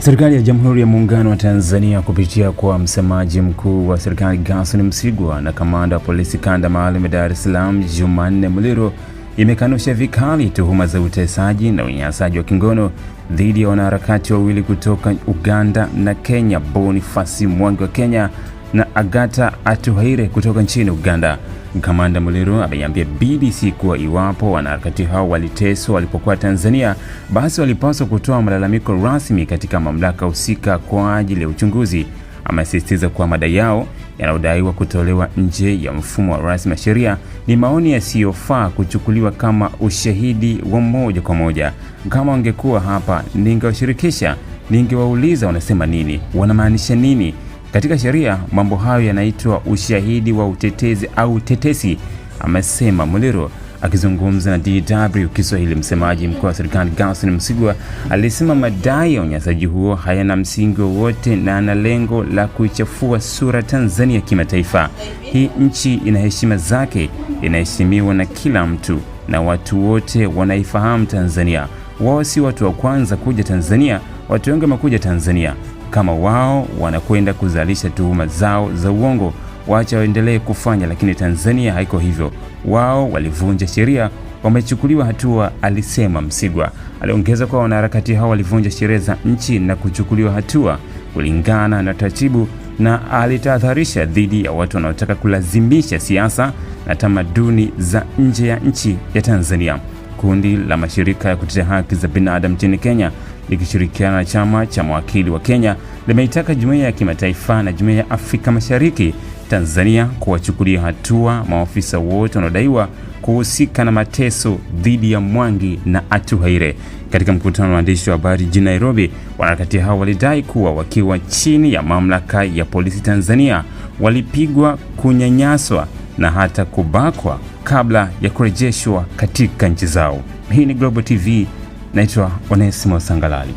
Serikali ya Jamhuri ya Muungano wa Tanzania kupitia kwa msemaji mkuu wa serikali Gerson Msigwa na kamanda wa polisi kanda maalum ya Dar es Salaam Jumanne Muliro imekanusha vikali tuhuma za utesaji na unyanyasaji wa kingono dhidi ya wanaharakati wawili kutoka Uganda na Kenya, Boniface Mwangi wa Kenya na Agata Atuhaire kutoka nchini Uganda. Kamanda Muliro ameiambia BBC kuwa iwapo wanaharakati hao waliteswa walipokuwa Tanzania, basi walipaswa kutoa malalamiko rasmi katika mamlaka husika kwa ajili ya uchunguzi. Amesisitiza kuwa madai yao yanayodaiwa kutolewa nje ya mfumo wa rasmi ya sheria ni maoni yasiyofaa kuchukuliwa kama ushahidi wa moja kwa moja. Kama wangekuwa hapa, ningewashirikisha, ningewauliza wanasema nini, wanamaanisha nini katika sheria mambo hayo yanaitwa ushahidi wa utetezi au tetesi, amesema Muliro. Akizungumza na DW Kiswahili, msemaji mkuu wa serikali Gaston Msigwa alisema madai ya unyanyasaji huo hayana msingi wowote na ana lengo la kuichafua sura Tanzania kimataifa. Hii nchi ina heshima zake, inaheshimiwa na kila mtu na watu wote wanaifahamu Tanzania. Wao si watu wa kwanza kuja Tanzania, watu wengi wamekuja Tanzania. Kama wao wanakwenda kuzalisha tuhuma zao za uongo, wacha waendelee kufanya, lakini Tanzania haiko hivyo. Wao walivunja sheria, wamechukuliwa hatua, alisema Msigwa. Aliongeza kuwa wanaharakati hao walivunja sheria za nchi na kuchukuliwa hatua kulingana na taratibu, na alitahadharisha dhidi ya watu wanaotaka kulazimisha siasa na tamaduni za nje ya nchi ya Tanzania kundi la mashirika ya kutetea haki za binadamu nchini Kenya likishirikiana na chama cha mawakili wa Kenya limeitaka jumuiya ya kimataifa na jumuiya ya Afrika Mashariki Tanzania kuwachukulia hatua maafisa wote wanaodaiwa kuhusika na mateso dhidi ya Mwangi na Atuhaire. Katika mkutano wa waandishi wa habari jijini Nairobi, wanaharakati hao walidai kuwa wakiwa chini ya mamlaka ya polisi Tanzania walipigwa, kunyanyaswa na hata kubakwa kabla ya kurejeshwa katika nchi zao. Hii ni Global TV, naitwa Onesimo Sangalali.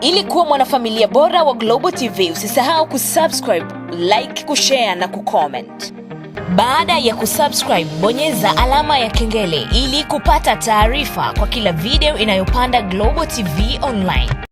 Ili kuwa mwanafamilia bora wa Global TV, usisahau kusubscribe, like, kushare na kucomment. Baada ya kusubscribe, bonyeza alama ya kengele ili kupata taarifa kwa kila video inayopanda Global TV Online.